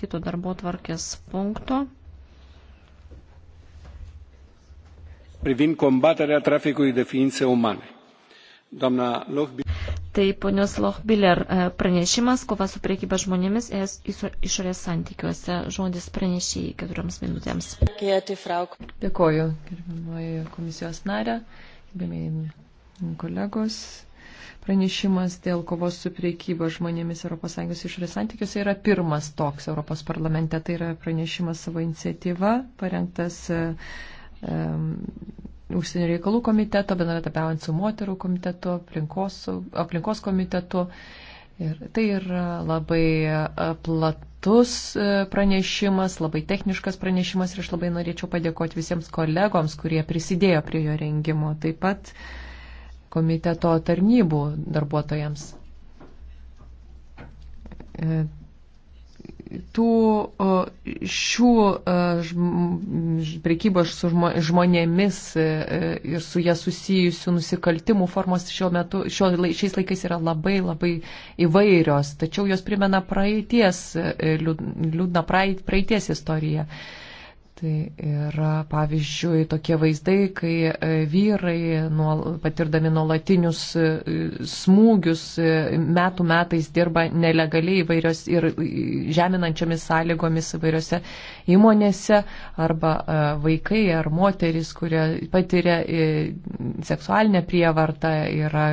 kito darbo tvarkės punkto. privind combaterea traficului de ființe umane. Doamna Lohbiller. Tai ponios Lohbiller e, pranešimas, kova su priekyba žmonėmis es išorės santykiuose. Žodis pranešėjai keturioms minutėms. Dėkoju, gerbiamoji komisijos narė, gerbiamieji kolegos. Pranešimas dėl kovos su priekyba žmonėmis ES išorės santykiuose yra pirmas toks Europos parlamente. Tai yra pranešimas savo iniciatyva, parengtas um, užsienio reikalų komiteto, bendratapiaujant su moterų komitetu, aplinkos, aplinkos komitetu. Ir tai yra labai plat, e, platus e, pranešimas, labai techniškas pranešimas ir aš labai norėčiau padėkoti visiems kolegoms, kurie prisidėjo prie jo rengimo. Taip pat komiteto tarnybų darbuotojams. E, tų šių e, prekybos su žmonėmis e, ir su jie susijusių nusikaltimų formos šiuo metu, šio, šiais laikais yra labai labai įvairios, tačiau jos primena praeities, liūdną praeities istoriją. Tai yra, pavyzdžiui, tokie vaizdai, kai e, vyrai, nuol, patirdami nuolatinius e, smūgius, e, metų metais dirba nelegaliai įvairios ir žeminančiomis sąlygomis įvairiose įmonėse, arba vaikai ar moteris, kurie patiria seksualinę prievartą, yra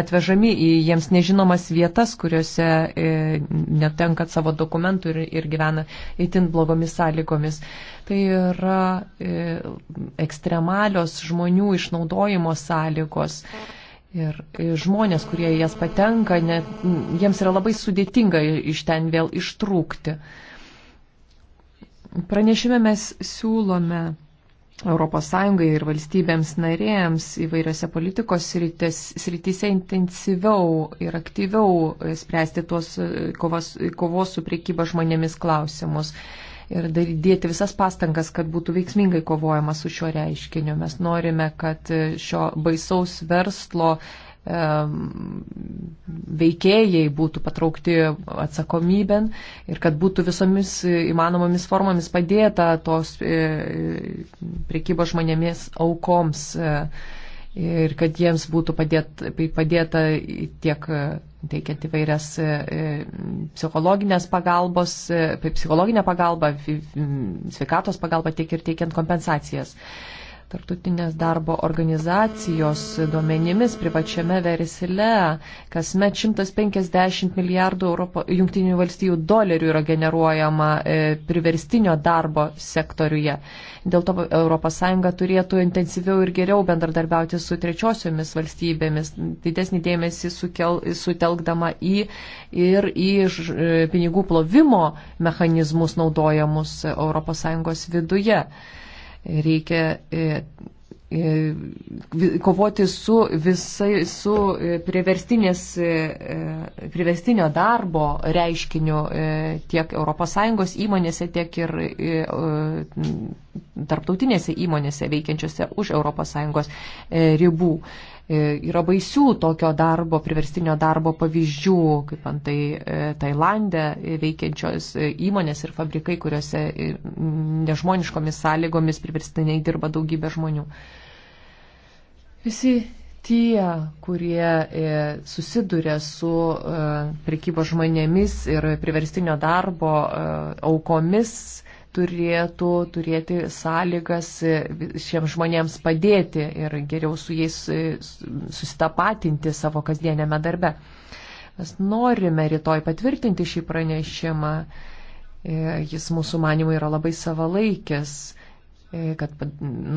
atvežami į jiems nežinomas vietas, kuriuose netenkat savo dokumentų ir, ir gyvena itin itin blogomis sąlygomis. Tai yra e, ekstremalios žmonių išnaudojimo sąlygos. Ir e, žmonės, kurie jas patenka, ne, jiems yra labai sudėtinga iš ten vėl ištrūkti. Pranešime mes siūlome ES ir valstybėms narėms įvairiose politikos srityse intensyviau ir aktyviau spręsti tuos e, kovos, kovos su priekyba žmonėmis klausimus ir dėti visas pastangas, kad būtų veiksmingai kovojama su šiuo reiškiniu. Mes norime, kad šio baisaus verslo veikėjai būtų patraukti atsakomybėn ir kad būtų visomis įmanomomis formomis padėta tos e, priekybos žmonėmis aukoms e, ir kad jiems būtų padėt, padėta tiek e, teikiant įvairias psichologinės pagalbos, psichologinę pagalbą, sveikatos pagalbą, tiek ir teikiant kompensacijas. Tartutinės darbo organizacijos duomenimis privačiame versle kasmet 150 milijardų Europo, jungtinių valstybių dolerių yra generuojama e, priverstinio darbo sektoriuje. Dėl to ES turėtų intensyviau ir geriau bendradarbiauti su trečiosiomis valstybėmis, didesnį dėmesį sukel, sutelkdama į ir į ž, e, pinigų plovimo mechanizmus naudojamus ES viduje. Reikia e, e, kovoti su visai, su e, priverstinio darbo reiškiniu tiek ES įmonėse, tiek ir tarptautinėse įmonėse veikiančiose už ES e, ribų. E, yra baisių tokio darbo, priverstinio darbo pavyzdžių, kaip antai e, Tailandė veikiančios įmonės ir fabrikai, kuriuose nežmoniškomis sąlygomis priverstiniai dirba daugybė žmonių. Visi tie, kurie susiduria su prekybo žmonėmis ir priverstinio darbo aukomis, turėtų turėti sąlygas šiems žmonėms padėti ir geriau su jais e, susitapatinti savo kasdienėme darbe. Mes norime rytoj patvirtinti šį pranešimą. E, jis mūsų manimų yra labai savalaikis, e, kad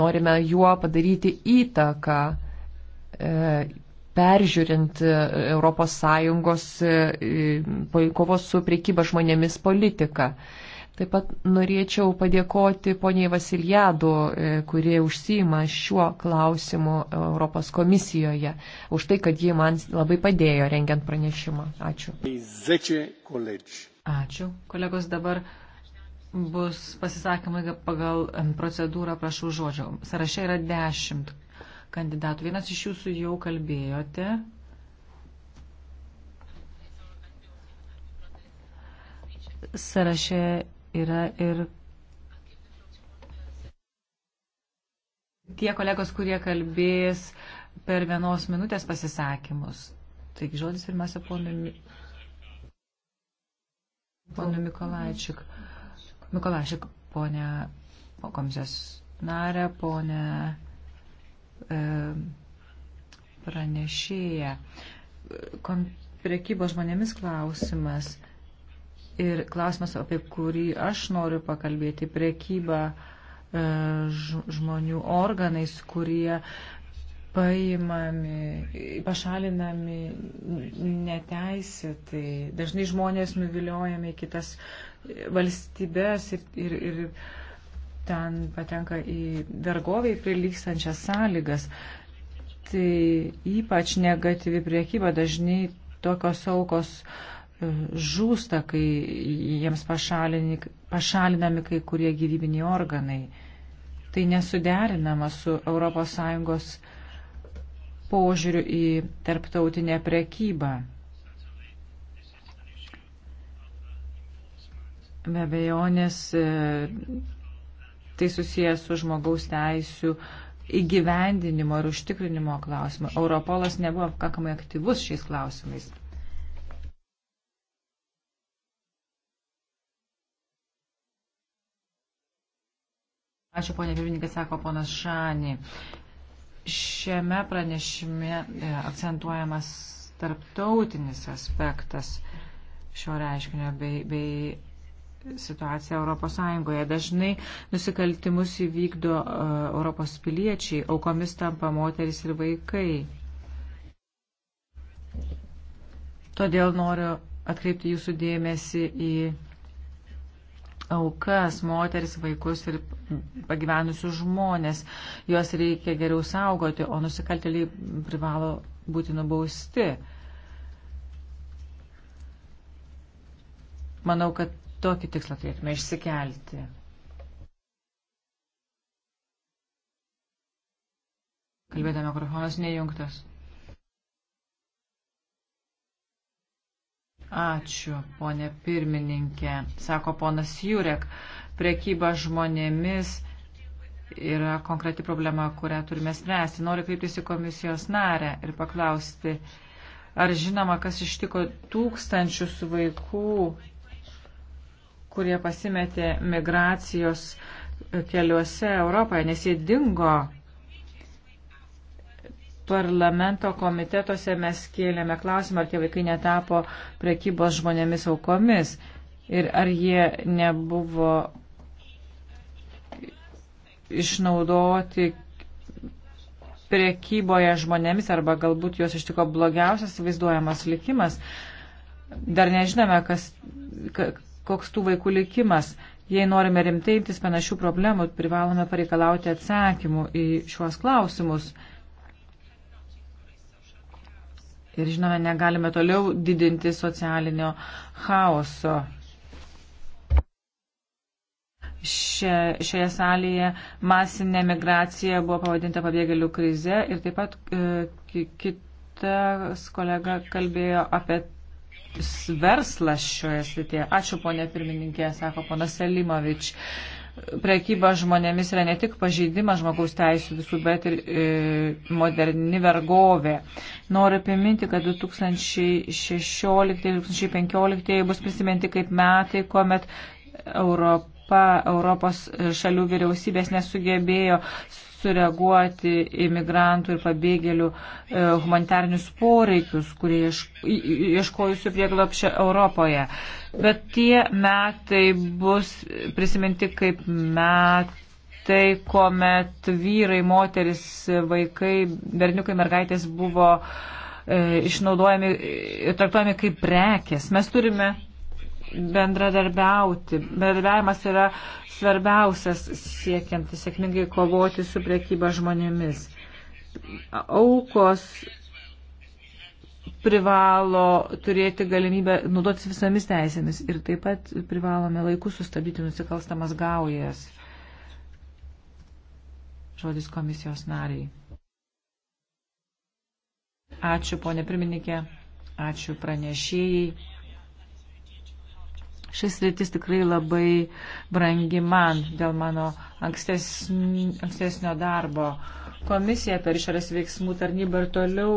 norime juo padaryti įtaką peržiūrint ES kovos su priekyba žmonėmis politiką. Taip pat norėčiau padėkoti poniai Vasiljadu, e, kurie užsima šiuo klausimu Europos komisijoje, už tai, kad ji man labai padėjo rengiant pranešimą. Ačiū. Ačiū. Kolegos, dabar bus pasisakymai pagal procedūrą, prašau žodžio. Saraše yra dešimt kandidatų. Vienas iš jūsų jau kalbėjote. Saraše yra ir tie kolegos, kurie kalbės per vienos minutės pasisakymus. Taigi žodis pirmiausia ponui, ponui Mikolaičik. Mikolaičik, ponė po komisijos narė, ponė e, pranešėja. Kon, prekybo žmonėmis klausimas. E, Ir klausimas, apie kurį aš noriu pakalbėti, priekyba e, žmonių organais, kurie paimami, pašalinami neteisėtai. Dažnai žmonės nuviliojami į kitas valstybės ir, ir, ir ten patenka į vergoviai prilykstančias sąlygas. Tai ypač negatyvi priekyba dažnai tokios aukos uh, žūsta, kai jiems pašalinami kai kurie gyvybiniai organai. Tai nesuderinama su ES požiūriu į tarptautinę prekybą. Be abejonės e, tai susijęs su žmogaus teisų įgyvendinimo ir užtikrinimo klausimu. Europolas nebuvo pakankamai aktyvus šiais klausimais. Ačiū, ponė pirmininkė, sako ponas Šanį. Šiame pranešime e, akcentuojamas tarptautinis aspektas šio reiškinio bei, bei situacija Europos Sąjungoje. Dažnai nusikaltimus įvykdo uh, Europos piliečiai, aukomis tampa moteris ir vaikai. Todėl noriu atkreipti jūsų dėmesį į aukas, moteris, vaikus ir pagyvenusius žmonės. Juos reikia geriau saugoti, o nusikaltėliai privalo būti nubausti. Manau, kad tokį tikslą turėtume išsikelti. Kalbėdami mikrofonas nejungtas. Ačiū, ponė pirmininkė, sako ponas Jurek. Prekyba žmonėmis yra konkreti problema, kurią turime spręsti. Noriu kreiptis į komisijos narę ir paklausti, ar žinoma, kas ištiko tūkstančius vaikų, kurie pasimetė migracijos keliuose Europoje, nes jie dingo parlamento komitetuose mes kėlėme klausimą, ar tie vaikai netapo prekybos žmonėmis aukomis ir ar jie nebuvo išnaudoti prekyboje žmonėmis arba galbūt juos ištiko blogiausias vaizduojamas likimas. Dar nežinome, kas, koks tų vaikų likimas. Jei norime rimtai imtis panašių problemų, privalome pareikalauti atsakymų į šiuos klausimus. Ir žinome, negalime toliau didinti socialinio chaoso. Šia, šioje salėje masinė migracija buvo pavadinta pabėgėlių krize ir taip pat e, kitas kolega kalbėjo apie verslas šioje srityje. Ačiū ponė pirmininkė, sako ponas Selimovič. E, prekyba žmonėmis yra ne tik pažeidimas žmogaus teisų visų, bet ir e, moderni vergovė. Noriu priminti, kad 2016-2015 bus prisiminti kaip metai, kuomet Europa Europa, Europos šalių vyriausybės nesugebėjo sureaguoti į migrantų ir pabėgėlių e, humanitarinius poreikius, kurie ieškojusių prieglopščio Europoje. Bet tie metai bus prisiminti kaip metai tai, kuomet vyrai, moteris, vaikai, berniukai, mergaitės buvo e, išnaudojami ir traktuojami kaip prekės. Mes turime bendradarbiauti. Bendradarbiavimas yra svarbiausias siekiant sėkmingai kovoti su priekyba žmonėmis. Aukos privalo turėti galimybę naudotis visomis teisėmis ir taip pat privalome laiku sustabdyti nusikalstamas gaujas. Žodis komisijos nariai. Ačiū, ponė pirmininkė. Ačiū pranešėjai. Šis rytis tikrai labai brangi man dėl mano ankstesnio darbo. Komisija per išorės veiksmų tarnybą ir toliau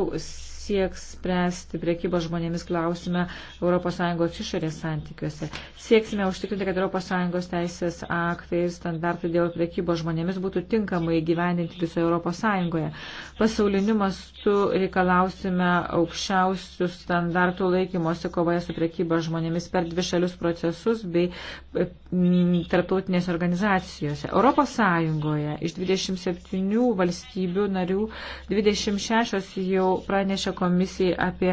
sieks spręsti priekybos žmonėmis klausime ES išorės santykiuose. Sieksime užtikrinti, kad ES teisės aktai ir standartai dėl priekybos žmonėmis būtų tinkamai gyveninti visoje ES. Pasauliniu mastu reikalausime aukščiausių standartų laikymosi kovoje su priekyba žmonėmis per dvi šalius procesus bei mm, tarptautinės organizacijose. ES iš 27 valstybių narių 26 jau pranešė komisijai apie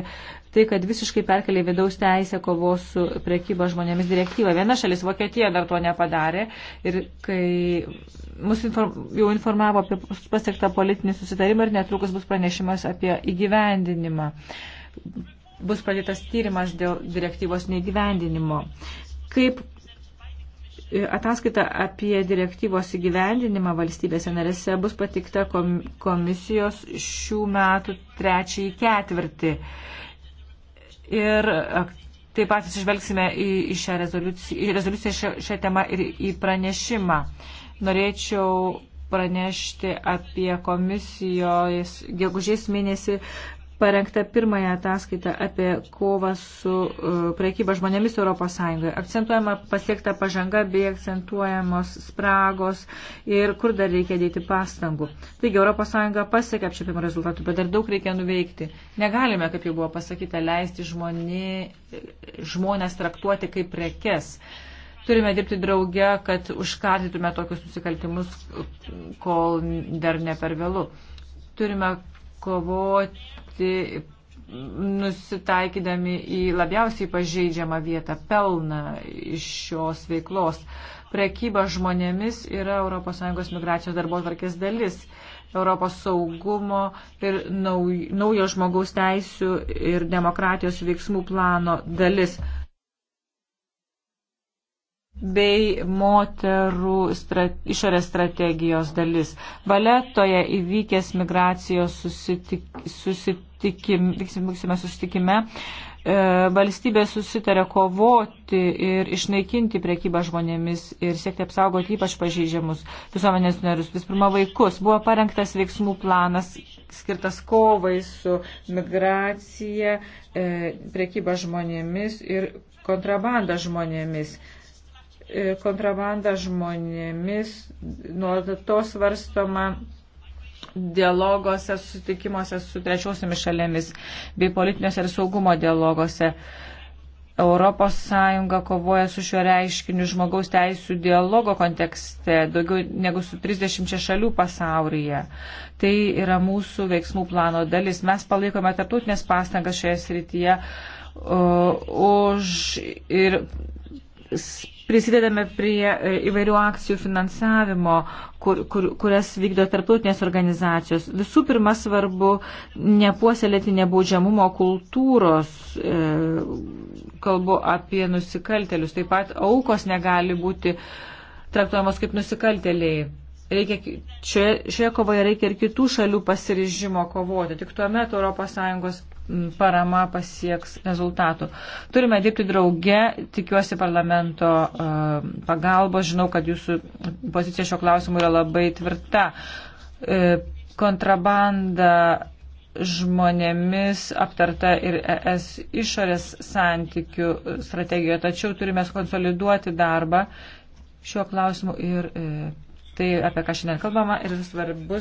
tai, kad visiškai perkelė vidaus teisę kovos su priekyba žmonėmis direktyvą. Viena šalis, Vokietija, dar to nepadarė ir kai mus inform, jau informavo apie pasiektą politinį susitarimą ir netrukus bus pranešimas apie įgyvendinimą. Bus pradėtas tyrimas dėl direktyvos neįgyvendinimo. Kaip Ataskaita apie direktyvos įgyvendinimą valstybėse narėse bus patikta komisijos šių metų trečiąjį ketvirtį. Ir taip pat išvelgsime į, į šią rezoliuciją, į rezoliuciją šią, šią temą ir į pranešimą. Norėčiau pranešti apie komisijos gegužės mėnesį parengta pirmąją ataskaitą apie kovą su e, prekyba žmonėmis ES. Akcentuojama pasiekta pažanga bei akcentuojamos spragos ir kur dar reikia dėti pastangų. Taigi ES pasiekė apčiopimo rezultatų, bet dar daug reikia nuveikti. Negalime, kaip jau buvo pasakyta, leisti žmonė, žmonės traktuoti kaip prekes turime dirbti drauge, kad užkardytume tokius nusikaltimus, kol dar ne per vėlų. Turime kovoti nusitaikydami į labiausiai pažeidžiamą vietą pelną iš šios veiklos. Prekyba žmonėmis yra ES migracijos darbo tvarkės dalis. Europos saugumo ir naujo žmogaus teisų ir demokratijos veiksmų plano dalis bei moterų strat, išorės strategijos dalis. Valetoje įvykęs migracijos susitik, susitikim, vyksime susitikime, e, valstybė susitarė kovoti ir išnaikinti priekybą žmonėmis ir siekti apsaugoti ypač pažeidžiamus visuomenės narius, vis pirma vaikus. Buvo parengtas veiksmų planas skirtas kovai su migracija, e, priekyba žmonėmis ir kontrabanda žmonėmis. E, E, kontrabanda žmonėmis, nuolatos svarstoma dialogose, sutikimuose su trečiosiamis šalėmis bei politiniuose ir saugumo dialogose. Europos Sąjunga kovoja su šiuo reiškiniu žmogaus teisų dialogo kontekste daugiau negu su 30 šalių pasaulyje. Tai yra mūsų veiksmų plano dalis. Mes palaikome tarptautinės pastangas šioje srityje uh, už ir prisidedame prie e, įvairių akcijų finansavimo, kur, kur, kurias vykdo tarptautinės organizacijos. Visų pirma, svarbu nepuoselėti nebaudžiamumo kultūros, e, kalbu apie nusikaltelius. Taip pat aukos negali būti traktuojamos kaip nusikalteliai. Reikia, šioje, šioje kovoje reikia ir kitų šalių pasiryžimo kovoti. Tik tuomet ES parama pasieks rezultatų. Turime dirbti drauge, tikiuosi parlamento e, pagalbos, žinau, kad jūsų pozicija šio klausimu yra labai tvirta. E, kontrabanda žmonėmis aptarta ir ES išorės santykių strategijoje, tačiau turime konsoliduoti darbą šiuo klausimu ir e, tai, apie ką šiandien kalbama, ir svarbus.